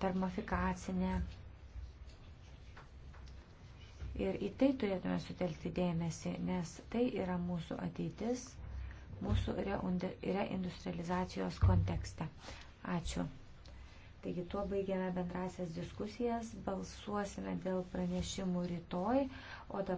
permofikacinė. Ir į tai turėtume sutelkti dėmesį, nes tai yra mūsų ateitis, mūsų reindustrializacijos kontekste. Ačiū. Taigi tuo baigiame bendrasias diskusijas, balsuosime dėl pranešimų rytoj, o dabar